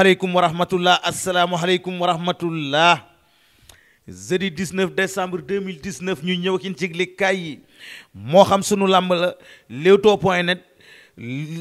asalaamaaleykum wa rahmatullah asalaamaaleykum wa rahmatullah deux mille décembre 2019 ñu ñëw ci yëglekaay yi moo xam sunu làmb la Leewtoo point net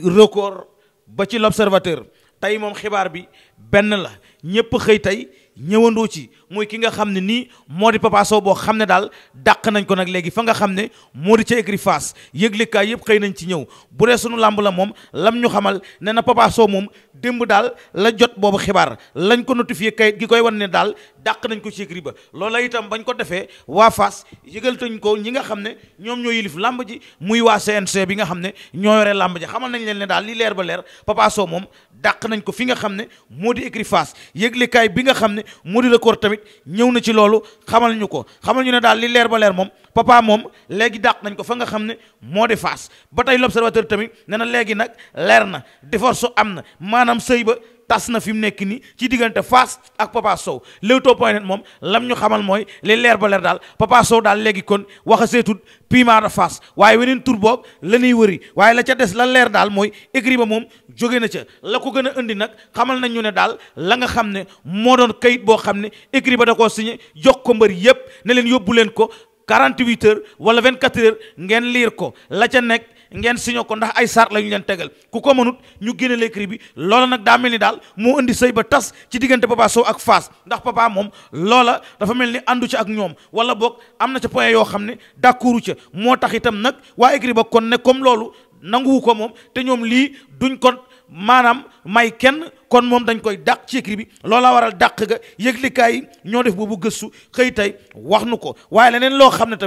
record ba ci l'observateur tey moom xibaar bi benn la ñépp xëy tey ñëwandoo ci muy ki nga xam ne nii moo di Papa boo xam ne daal dàq nañ ko nag léegi fa nga xam ne moo di ca écurie Fass yëpp xëy nañ ci ñëw bu dee sunu làmb la moom lam ñu xamal ne na Papa Sow moom démb daal la jot boobu xibaar lañ ko notifié kayit gi koy wan ne daal dàq nañ ko ci écurie ba loola itam bañ ko defee waa Fass yëgal tañ ko ñi nga xam ne ñoom ñoo yilif làmb ji muy waa CNC bi nga ne ñoo yore làmb ji xamal nañ leen ne daal li leer ba leer Papa moom dàq nañ ko fi nga xam ne moo di écurie Fass yëglekaay bi nga xam ne mu di record tamit ñëw na ci loolu xamal ñu ko xamal ñu ne daal li leer ba leer moom papa moom léegi dàq nañ ko fa nga xam ne moo di faas ba tey l'observateur tamit nee na léegi nag leer na divorce am na maanaam sëy ba tas na fi mu nekk nii ci diggante Fass ak Papa Sow Leewtoo point net moom lam ñu xamal mooy li leer ba leer daal Papa Sow daal léegi kon wax a seetut piment de Fass waaye weneen tur boob la ñuy wëri waaye la ca des la leer daal mooy écrit ba moom jóge na ca la ko gën a indi nag xamal nañ ñu ne daal la nga xam ne moo doon kayit boo xam ne écrit ba da ko signé jox ko mbër yépp ne leen yóbbu leen ko 48 heures wala 24 heures ngeen liir ko la ca nekk. ngeen signé ko ndax ay sart la ñu leen tegal ku ko mënut ñu génne l'écrit bi loola nag daa mel ni daal moo indi sëy ba tas ci diggante Papa Sow ak faas ndax papa moom loola dafa mel ni àndu ca ak ñoom wala bokk am na ca point yoo xam ne d'accordu ca moo tax itam nag waa écrit ba kon ne comme loolu nanguwu ko moom te ñoom lii duñ kon maanaam may kenn kon moom dañ koy dàq ci écrit bi loola waral dàq ga yëglikaay yi ñoo def boobu gëstu xëy tey wax nu ko waaye leneen loo xam ne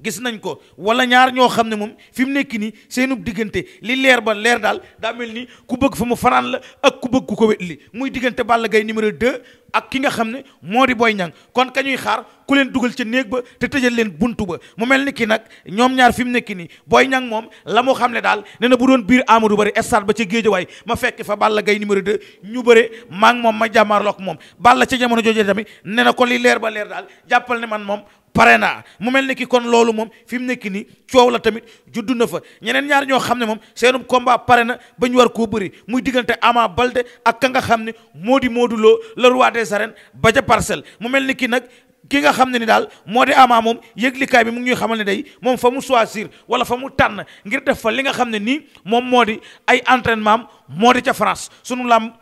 gis nañ ko wala ñaar ñoo xam ne moom fi mu nekk nii seenub diggante li leer ba leer daal daa mel ni ku bëgg fa mu fanaan la ak ku bëgg ku ko wet li muy diggante Balla gay numéro 2 ak ki nga xam ne moo di booy Niang kon ka ñuy xaar ku leen dugal ca néeg ba te tëjal leen bunt ba mu mel ni kii nag ñoom ñaar fi mu nekk nii booy ñan moom la mu xam ne daal ne na bu doon biir Amadou Bari stade ba ca Géejawaay ma fekk fa Balla gay numéro 2 ñu bëre maa moom ma jàmmaarloog moom Balla ca jamono jooju tamit ne na ko li leer ba leer daal jàppal ne man moom pare naa mu mel ni ki kon loolu moom fi mu nekk nii coow la tamit juddu na fa ñeneen ñaar ñoo xam ne moom seenum combat pare na ba ñu war koo bëri muy diggante Ama Balde ak ka nga xam ne moo di Modou Lo le des arènes ba ca parcelle mu mel ni ki nag ki nga xam ne ni daal moo di Ama moom yëglikaay bi mu ngi ñuy xamal ne day moom fa mu choisir wala fa mu tànn ngir def fa li nga xam ne nii moom moo di ay entrainement moo di ca France sunu làmb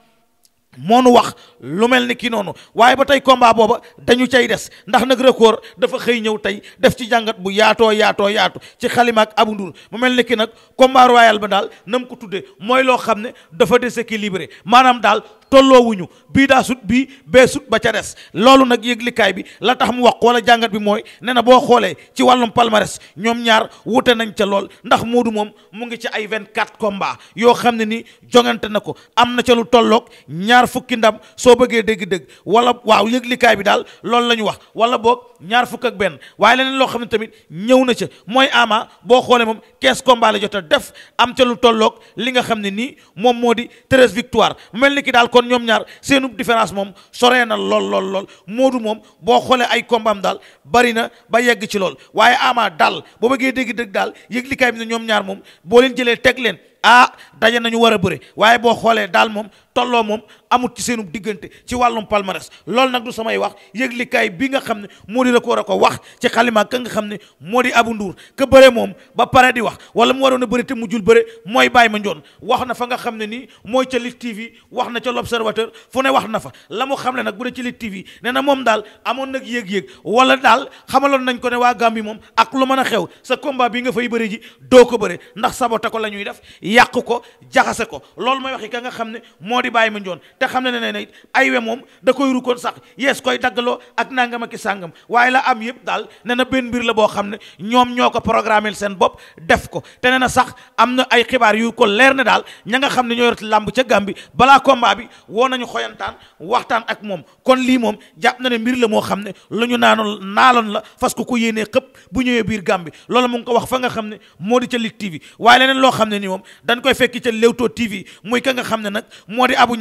moo nu wax lu mel ni ki noonu waaye ba tey combat booba dañu cay des ndax nag record dafa xëy ñëw tey def ci jàngat bu yaatoo yaatoo yaatu ci xalima ak abu mu mel ni ki nag combat royal ba daal nam ko tuddee mooy loo xam ne dafa déséquilibré maanaam daal tolloowuñu bii daa sut bii bee sut ba ca des loolu nag yëglikaay bi la tax mu wax wala jàngat bi mooy ne na boo xoolee ci wàllum palmarès ñoom ñaar wute nañ ca lool ndax Modou moom mu ngi ci ay vingt-quatre combats yoo xam ne ni jongante na ko am na ca lu tolloog ñaar fukki ndam soo bëggee dégg-dégg wala waaw yëglikaay bi daal loolu la ñu wax wala boog ñaar fukk ak benn waaye leneen loo xam ne tamit ñëw na ca mooy Ama boo xoolee moom quinze combats la jot a def am ca lu tolloog li nga xam ne nii moom moo di treize victoire mel ni ki daal ko kon ñoom ñaar seenu différence moom soree na lool lool lool Modou moom boo xoolee ay kombaam daal bari na ba yegg ci lool waaye Ama daal boo bëggee dégg dëgg daal yëglikaay bi na ñoom ñaar moom boo leen jëlee teg leen ah daje nañu war a bëre waaye boo xoolee daal moom tolloo moom amut ci seenu diggante ci wàllum palmarès loolu nag du samay wax yëglikaay bi nga xam ne moo di record a ko wax ci xalima ka nga xam ne moo di abu nduur ke bëre moom ba pare di wax wala mu waroon a bëri te mujjul bëre mooy Baye Mandione wax na fa nga xam ne nii mooy ca Lutte TV wax na ca l'observateur fu ne wax na fa la mu xam ne nag bu dee ci Lutte nee na moom daal amoon nag yéeg-yéeg wala daal xamaloon nañ ko ne waa Gambie moom ak lu mën a xew sa combat bi nga fay bëri ji doo ko bëre ndax saboté ko la ñuy def yàq ko jaxase ko loolu mooy ka nga xam ne moo di Baye Mandione te xam ne ne ne ay we moom da koy rukoon sax yees koy daggaloo ak nangam ak i sàngam waaye la am yëpp daal ne na benn mbir la boo xam ne ñoom ñoo ko programmeel seen bopp def ko te ne na sax am na ay xibaar yu ko leer ne daal ña nga xam ne ñoo yor làmb ca Gàmbi balaa combat bi woo nañu xoyantaan waxtaan ak moom kon lii moom jàpp na ne mbir la moo xam ne lu ñu naanoon naaloon la fas ko ko yéenee xëpp bu ñëwee biir Gàmbi loolu mu ngi ko wax fa nga xam ne moo di ca Ligue TV waaye leneen loo xam ne ni moom dañ koy fekki ca Leewtoo TV muy ka nga xam ne nag moo di Abou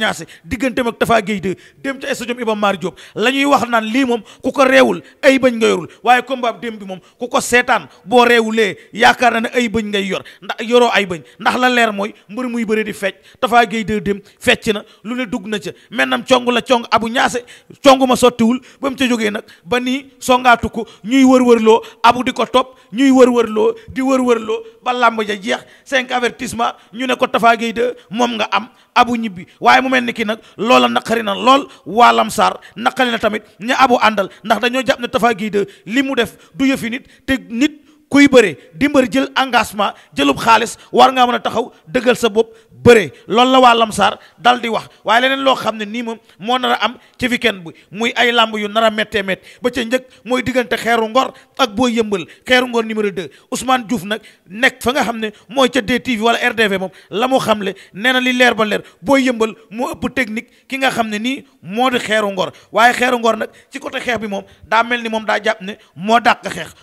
digganteem ak Tafa Gueye dem ca stadium Iba Mar Diop la ñuy wax naan lii moom ku ko reewul ay bañ nga yorul waaye combat démb bi moom ku ko seetaan boo reewulee yaakaar na ne ay bëñ ngay yor ndax yoroo ay bëñ ndax la leer mooy mbër muy bëre di fecc Tafa Gueye de dem fecc na lu ne dugg na ca maintenant cong la cong abu ñaase cong ma sottiwul ba mu ca jógee nag ba nii songaatu ko ñuy wërwërloo abu di ko topp ñuy wërwërloo di wërwërloo ba làmb ja jeex cinq avertissement ñu ne ko Tafa Gueye moom nga am abu ñibbi waaye mu mel ni ki nag nag loola naqari na lool waa Lamsaar naqari na tamit ña abu àndal ndax dañoo jàpp ne Tapha Guèye 2 li mu def du yëfi nit te nit kuy bëre di mbër jël engagement jëlub xaalis war ngaa mën a taxaw dëggal sa bopp bëre loolu la waa Lamsaar dal di wax waaye leneen loo xam ne nii moom moo nar a am ci weekend bi muy ay làmb yu nar a méttee métt ba ca njëkk mooy diggante xeeru ngor ak boo yëmbal xeeru ngor numéro 2 Ousmane Diouf nag nekk fa nga xam ne mooy ca DTV wala RDV moom la mu xam le nee na li leer ba leer booy yëmbal moo ëpp technique ki nga xam ne nii moo di xeeru ngor waaye xeeru ngor nag ci côté xeex bi moom daa mel ni moom daa jàpp ne moo dàq xeex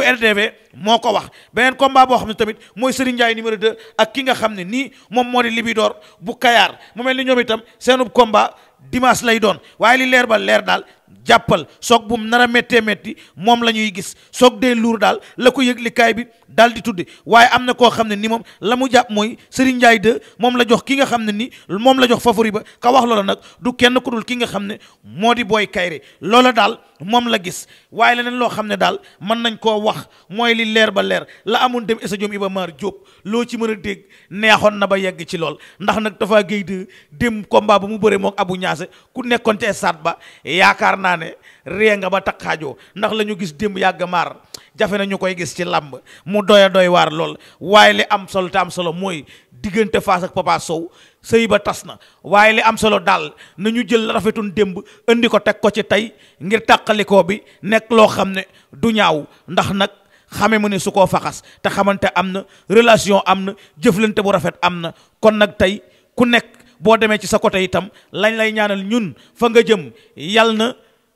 bu moo ko wax beneen combat boo xam ne tamit mooy Serigne Ndiaye numéro 2 ak ki nga xam ne nii moom moo di Libidor bu Kayaar mu mel ni ñoom itam seenub combat dimanche lay doon waaye li leer ba leer daal jàppal soog bu mu nar a méttee métti moom la ñuy gis soog dee luur daal la ko yëglikaay bi daal di tudde waaye am na koo xam ne ni moom la mu jàpp mooy Serigne Ndiaye 2 moom la jox ki nga xam ne ni moom la jox favori ba ka wax loola nag du kenn ku ki nga xam ne moo di booy kayre loola daal moom la gis waaye leneen loo xam ne daal mën nañ koo wax mooy li leer ba leer la amoon dem Essa Diom ba Mar Diop loo ci mën a dégg neexoon na ba yegg ci lool ndax nag dafa géy de dem combat ba mu bëre mook Abu Ñaase ku nekkoon ca stade ba yaakaar naa ne ree nga ba taqaajoo ndax la ñu gis démb yàgg maar jafe na ñu koy gis ci làmb mu doy a waar lool waaye li am solo te am solo mooy diggante Fass ak Papa Sow sëy ba tas na waaye li am solo daal na ñu jël rafetun démb indi ko teg ko ci tey ngir tàqalikoo bi nekk loo xam ne du ñaaw ndax nag xame mu ne su koo faxas te xamante am na relation am na jëflante bu rafet am na kon nag tey ku nekk boo demee ci sa côté itam lañ lay ñaanal ñun fa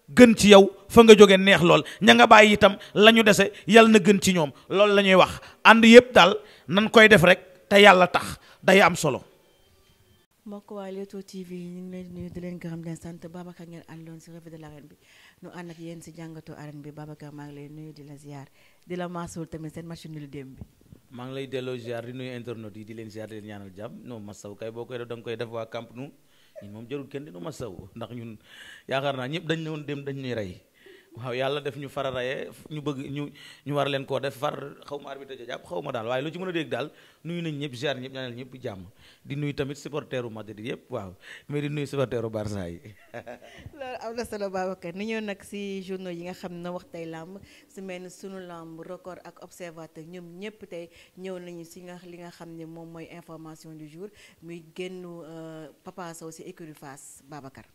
gën ci yow fa nga jóge neex lool ña nga bàyyi itam la ñu dese yal na gën ci ñoom loolu la ñuy wax ànd yëpp daal nan koy def rek te yàlla tax day am solo. mbokk waa Leewtoo TV ñu ngi sant Babacar ngeen àndoon si revue de l'arène bi nu ànd ak yéen si jàngatu arène bi Babacar maa ngi nuyu di la ziar di la maasul tamit seen match nul démb bi. maa ngi lay delloo ziar di nuyu internautes yi di leen ziar di leen ñaanal jàmm non masawu kay boo koy def da koy def waa Camp Nou. moom jarul kenn dinu masaw ndax ñun yaakaar naa ñëpp dañ ne dem dañ rey waaw yàlla def ñu fara ñu bëgg ñu ñu war leen koo def far xaw ma arbitre ja xaw ma daal waaye lu ci mën a dégg daal nuyu nañ ñëpp ziar ñëpp ñaanal ñëpp jàmm di nuyu tamit supporteru Madrid yëpp waaw mais di nuyu supporteru Barça yi. loolu am na solo Babacar ni ñëw nag si journaux yi nga xam ne wax tey làmb su mel sunu làmb record ak observateur ñoom ñëpp tey ñëw nañu si nga li nga xam ne moom mooy information du jour muy génnu euh, Papa Sow si écurie Fass Babacar.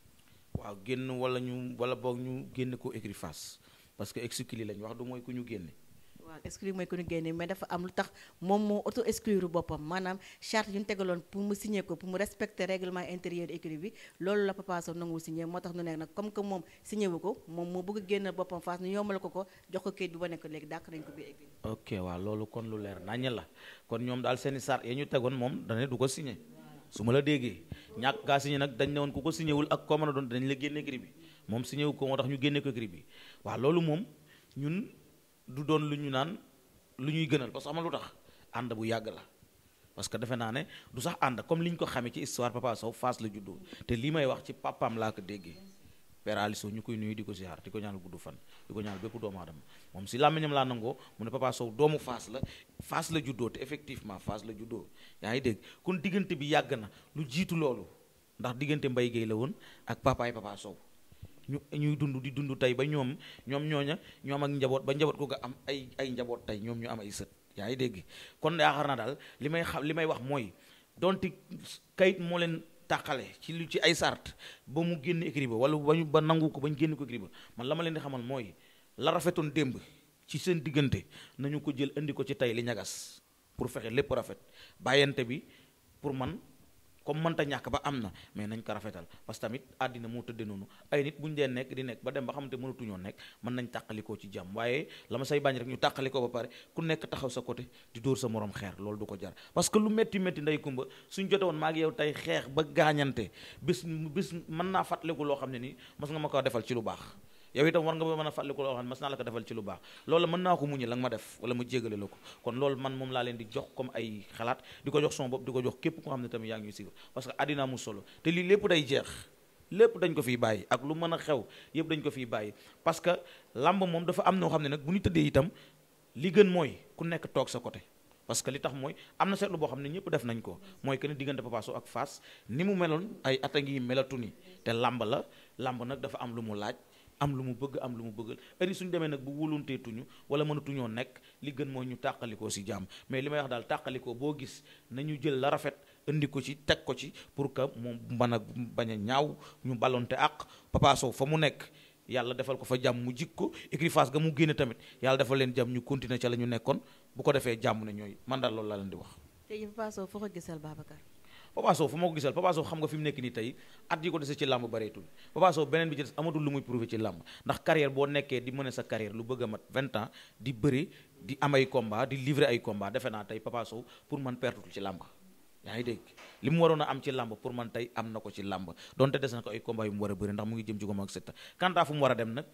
waaw génn wala ñu wala boog ñu génn ko écrit face parce que exclu lañ wax du mooy ku ñu génne. waaw exclu mooy ku ñu génne mais dafa am lu tax moom moo auto exclure boppam maanaam charte tegaloon pour mu signer ko pour mu respecter règlement intérieur écrit bi loolu la Papa Sow nangu tax nu nekk nag comme que moom signé wu ko moom moo bëgg a génn boppam face ñu yombal ko ko jox ko kayit bi ba nekk léegi dàq nañ ko biir écrit. ok waaw loolu kon lu leer naññ la kon ñoom daal seen i sart ñu tegoon moom dane du ko signé. su ma la déggee ñàkk kaa signé nag dañ ne woon ku ko signé wul ak koo mën a doon dañu la génne écrit bi moom signé wu ko moo tax ñu génne ko écrit bi waaw loolu moom ñun du doon lu ñu naan lu ñuy gënal parce que ama lu tax ànd bu yàgg la parce que defe naa ne du sax ànd comme li ñu ko xamee ci histoire Papa Sow Fass la juddoo te lii may wax ci papaam laa ko déggee Père Aliou Sow mu ne Papa la Fass la juddoo te effectivement la juddoo yaa ngi dégg kon diggante bi yàgg na lu jiitu loolu ndax diggante mbay Guèye la woon ak papaay Papa Sow ñu ñuy dund di dund tey ba ñoom ñoom ñooña ñoom ak njaboot ba njaboot googa am ay ay njaboot tey ñoom ñu am ay sët yaa ngi dégg kon yaakaar naa daal li may xam li may wax mooy donte kayit moo leen tàqale ci lu ci ay sart ba mu génne écrit ba wala ba ñu ba nangu ko ba ñu génn ko écrit man la ma leen di xamal mooy la rafetoon démb ci seen diggante nañu ko jël indi ko ci tey li ñagas pour fexe lépp rafet bàyyante bi pour man comme mënta ñàkk ba am na mais nañ ko rafetal parce que tamit àddina moo tëdde noonu ay nit bu ñu dee nekk di nekk ba dem ba xamante mënatuñoo nekk mën nañ tàqalikoo ci jàmm waaye la ma say bañ rek ñu tàqalikoo ba pare ku nekk taxaw sa côté di dóor sa morom xeer loolu du ko jar parce que lu métti métti ndey kumba suñ jote woon maa ngi yow tey xeex ba gaañante bis bis mën naa fàttaliku loo xam ne nii mas nga ma ko defal ci lu baax yow itam war nga ba mën a fàttaliku loo xam ne mas naa la ko defal lu baax loolu man naa ko muñu la nga ma def wala ma jégale la ko kon loolu man moom laa leen di jox comme ay xalaat di ko jox son bopp di ko jox képp ko xam ne tamit yaa ngi sigal parce que àddina mu solo te lii lépp day jeex lépp dañ ko fiy bàyyi ak lu mën a xew yëpp dañ ko fi bàyyi parce que làmb moom dafa am noo xam ne nag bu ñu tëddee itam li gën mooy ku nekk toog sa côté parce que li tax mooy am na seetlu boo xam ne ñëpp def nañ ko mooy que ni diggante Papa Sow ak ni mu meloon ay at a melatu ni te làmb la làmb nag dafa am lu mu laaj am lu mu bëgg am lu mu bëggal heure yi suñu demee nag bu wulunteetuñu wala mënatuñoo nekk li gën mooy ñu tàqalikoo si jàmm mais li may wax daal tàqalikoo boo gis nañu jël la rafet indi ko ci teg ko ci pour que moom mën a bañ a ñaaw ñu balonte ak Papa Sow fa mu nekk yàlla defal ko fa jàmm mu jik ko écrit face ga mu génne tamit yàlla defal leen jàmm ñu continuer ca la ñu nekkoon bu ko defee jàmm ne ñooy man daal loolu laa leen di wax. Papa Sow fu ma ko gisal Papa xam nga fi mu nekk nii tey at yi ko dese ci làmb bareetul Papa beneen bi ci des amatul lu muy prouvé ci làmb ndax carrière boo nekkee di mëne sa carrière lu bëgg a mat 20 di bëri di am ay combat di livrer ay combat defe naa tey Papa pour man pertutul ci làmb yaa ngi dégg li mu waroon a am ci làmb pour man tey am na ko ci làmb donte des na ko ay combat yu mu war a bëri ndax mu ngi jëm ci ko ak setta quant à mu war a dem nag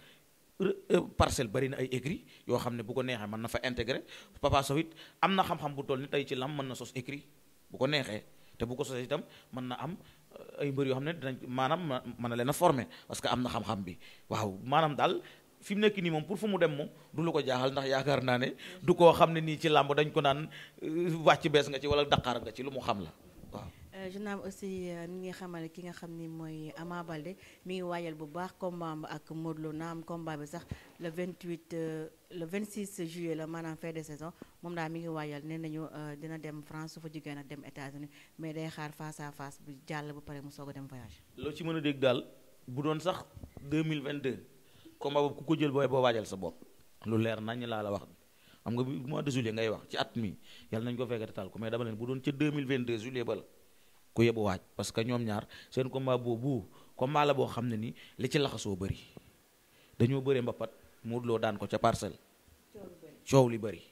euh, parcelle bari na ay écrit yoo xam ne bu ko neexee mën na fa intégré Papa Sow it am na xam-xam bu toll tey ci làmb mën na sos écrit bu ko neexee te bu ko sosee itam mën na am euh, ay mbër yoo xam ne dinañ maanaam mën na leen a former parce que am na xam-xam bi waaw maanaam daal fi mu nekk nii moom pour fu mu dem moom du lu ko jaaxal ndax yaakaar naa ne du koo xam ne nii ci làmb dañ ko naan euh, wàcc bees nga ci wala daqaar nga ci lu mu xam la Euh, je naam aussi ni euh, ngi xamal ki nga xam ni mooy Ama Baldé mi ngi waajal bu baax combat ba ak Modou Lo naam combat bi sax le 28 euh, le 26 juillet la maanaam fin de saison moom daal mi ngi waajal nee nañu dina dem France su fa jugee nag dem États-Unis mais day xaar face à face bu jàll ba pare mu soog a dem voyage. loo ci mën a dégg daal bu doon sax 2022 combat boobu ku ko jël booy boo waajal sa bopp. lu leer nañ laa la wax xam nga bi mois de juillet ngay wax ci at mi ku yebu waaj parce que ñoom ñaar seen combat boobu combat la boo xam ne ni li ci laxasoo bëri dañoo bëree mbapat Modou Lo daan ko ca parcelle coow li bëri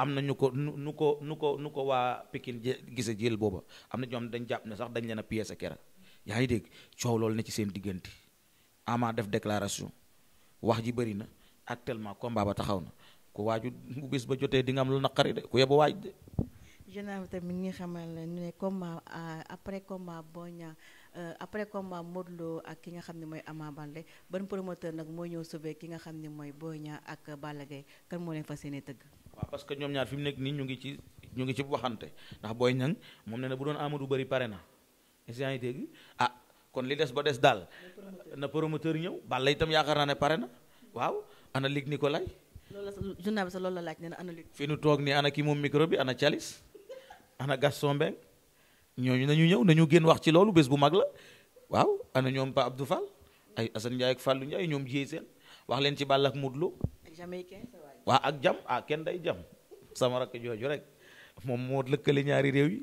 am na ñu ko nu nu ko nu ko nu ko waa Pikine gise jël booba am na ñoom dañ jàpp ne sax dañ leen a sa kera yaa ngi dégg coow loolu ne ci seen diggante ama def déclaration wax ji bëri na actuellement comme ba taxaw na ku waaju bu bis ba jotee di nga am lu naqari de ku yebu waaj de Général tamit mi ngi xamal ne combat après combat Boy Niang après combat Modou Lo ak ki nga xam ne mooy Ama Baldé ban promoteur nag mooy ñëw sauver ki nga xam ne mooy Boy Niang ak Balla Gaye kan moo leen fas yéene tëgg. waaw parce que ñoom ñaar fi mu nekk nii ñu ngi ci ñu ngi ci waxante ndax Boy Niang moom nee na bu doon Amadou bëri pare na yaa ngi dégg ah kon li des ba des daal na promoteur ñëw Balla itam yaakaar naa ne pare na waaw ana Luc Nicolaï. loolu la sa journal bi sa loolu la laaj nee na ana Luc. fi nu toog nii ana ki moom micro bi ana Thialis. ana Gaston Mbengue ñooñu nañu ñëw nañu génn wax ci loolu bés bu mag la waaw ana ñoom Pa Abdou Fall ay Assane Ndiaye ak Fallou Ndiaye ñoom jiyee seen wax leen ci Balla ak Modou Lo waa ak jam a ah, kenn day jam sama rakk jooju rek moom moo lëkkale ñaari réew yi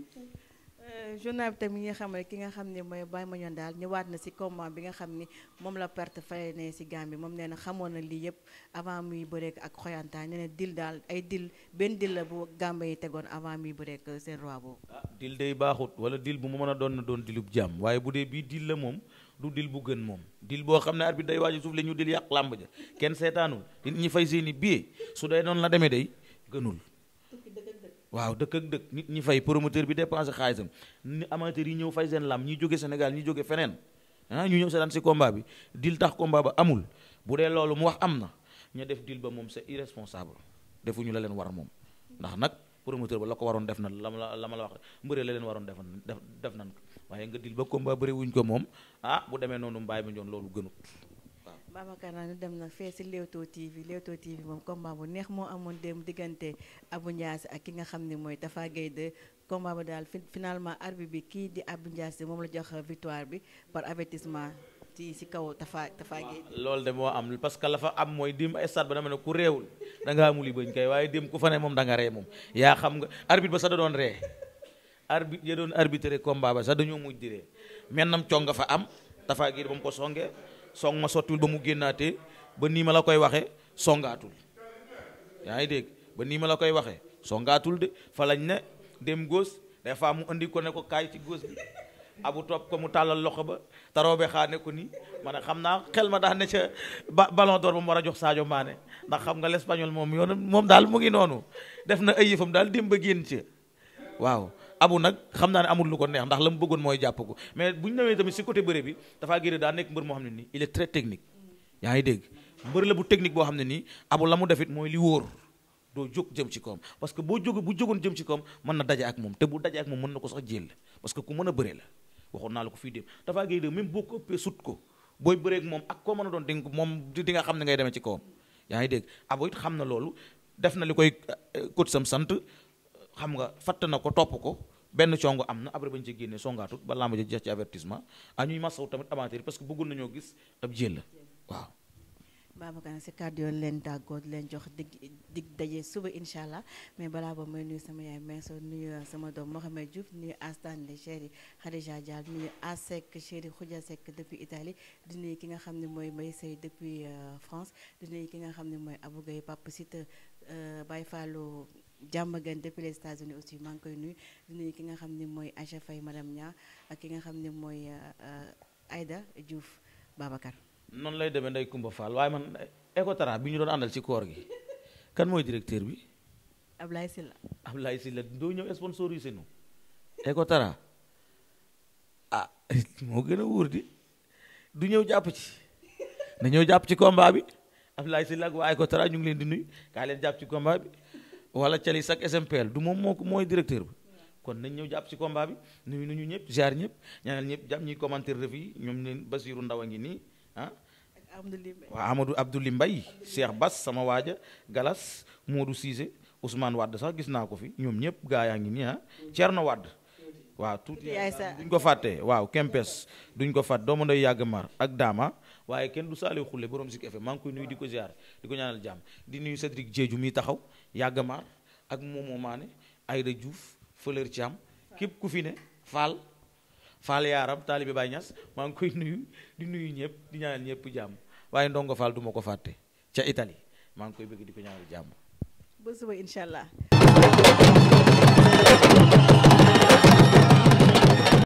journal bi tamit nga xam ne ki nga xam ne mooy Baye Mandione daal ñëwaat na si combat bi nga xam ni moom la perte fay ne si Gambie moom nee na xamoon na lii yëpp avant muy bëreek ak xoyantaan nee na dil daal ay dil benn dil la bu Gambie yi tegoon avant muy bëreek seen roi boobu. ah dil day baaxut wala dil bu mu mën a doon na doon dilub jàmm waaye bu dee bii dil la moom du dil bu gën moom dil boo xam ne bi day waaju suuf la ñu dil yàq làmb ja kenn seetaanul nit ñi fay seeni billet su dee noonu la demee day gënul. waaw dëkk ak dëkk nit ñi fay promoteur bi dépensé xaalisam ni amateur yi ñëw fay seen lam ñi jóge Sénégal ñi jóge feneen ah ñu ñëw seetaan si combat bi dil tax combat ba amul bu dee loolu mu wax am na ña def dil ba moom c'est irresponsable defuñu la leen war moom ndax nag promoteur ba la ko waroon def na la ma la ma la wax mbëre la leen waroon def def def nan ko waaye nga dil ba combat bëri wuñ ko moom ah bu demee noonu mbaay ba ñoon loolu gënut Babacar naa dem nag fee si Leewtoo TV Leewtoo TV moom combat bu neex moo amoon démb diggante Abou Ndiassé ak ki nga xam ni mooy Tafa Gueye de combat ba daal finalement arbitre bi kii di Abou Ndiassé moom la jox victoire bi par avertissement ci si kaw Tafa Tafa Gueye. loolu de moo am parce que la fa am mooy démb stade ba dama ne ku réewul da ngaa amul bañ kay waaye démb ku fa ne moom da nga moom yaa xam nga arbitre ba sax da doon ree arbitre ya doon arbitré combat ba sax dañoo mujj song ma sottiwul ba mu génnaate ba nii ma la koy waxe songaatul yaa ngi dégg ba nii ma la koy waxee songaatul de fa lañ ne dem góos des fois mu indi ko ne ko kaay ci góos bi abu topp ko mu tàllal loxo ba taroobe xaa ne ko nii ma ne xam naa xel ma daan ne ca ballon d'or ba mu war a jox saajo Mané ndax xam nga l'espagnol moom yoon moom daal mu ngi noonu def na ay yëfam daal dem ba génn ci waaw abu nag xam naa ne amul lu ko neex ndax la mu bëggoon mooy jàpp ko mais bu ñu nawee tamit si côté bëre bi Tapha Guèye daa nekk mbër moo xam ne nii il technique yaa ngi dégg mbër la bu technique boo xam ne nii abu la mu defit mooy li wóor doo jóg jëm ci koom parce que boo jóg bu jógoon jëm ci koom mën na daje ak moom te bu daje ak moom mën na ko sax jël parce que ku mën a bëre la ko fii dem Tapha Guèye de même boo ko ëppee sut mën a doon di moom di nga xam ne ngay demee ci koom yaa ngi dégg abo it xam na loolu def na li koy euh, coach sam sant xam nga fatt na ko topp ko benn congo am na après bañ ci génnee songaatut ba làmb ja jeex ci avertissement a ah, ñuy masaw tamit amateur parce que bëggoon nañoo gis ab jël la waaw Babacar si kàddu yoon leen tàggoo leen jox dig dig suba incha allah mais balaa boobu may nuyu sama yaay mais soo nuyu sama doom Mohamed Diouf nuyu Astande chéri Khadija Dial nuyu Asek chéri Khoudia Seck depuis Italie di ki nga xam ne mooy Mbaye Sey depuis euh, France di nuyu ki nga xam ne mooy Abou Gaye Pape Site euh, Baye Fallou jàmm gan depuis les États-Unis aussi maa ngi koy nuyu di ki nga xam ni mooy Aja Faye madame Nia ak ki nga xam ne mooy euh, euh, ayda Diouf Babacar. noonu lay demee Ndeye Kumba Fall waaye man Ecotra bi ñu doon àndal ci koor gi kan mooy directeur bi. Ablaye Sylla. Ablaye Sylla doo ñëw sponsorisé nu Ecotra ah moo gën a wóor di du ñëw jàpp ci na ñëw jàpp ci combat bi Ablaye Sylla ak waa Ecotra ñu ngi leen di nuyu kaa leen jàpp ci combat bi. wala Thialis ak SMPL du moom moo ko mooy directeur bi kon nañ ñëw jàpp ci combat bi nu ñu ñëpp jaar ñëpp ñaanal ñëpp jàpp ñi commentaire ref yi ñoom leen Basiirou Ndaw ngi nii ah. waaw Amadou Abdoulaye Mbaye Cheikh Bass sama waaja Galas Modou Cissé Ousmane Wade sax gis naa ko fi ñoom ñëpp gaa yaa ngi nii ah. wàdd waa Wade waaw tuuti duñ ko fàtte waaw Kempes duñ ko fàtte doomu yàgg mar ak Dama waaye kenn du saali xulle borom Zik FM maa ngi koy nuyu di ko ziar di ko ñaanal jàmm di nuyu Cédric Diédhiou mi taxaw Yaggamar ak Momo Mané Aïda Diouf Fleur Thiam képp ku fi ne Fall Fall yaaram taalibe Baye Niass maa ngi koy nuyu di nuyu ñëpp di ñaanal ñëpp jàmm waaye ndongo Fall duma ko fàtte ca itali maa ngi koy bëgg di ko ñaanal jàmm. ba allah.